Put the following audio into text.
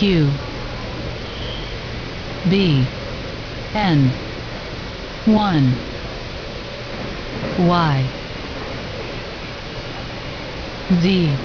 Q B N 1 Y Z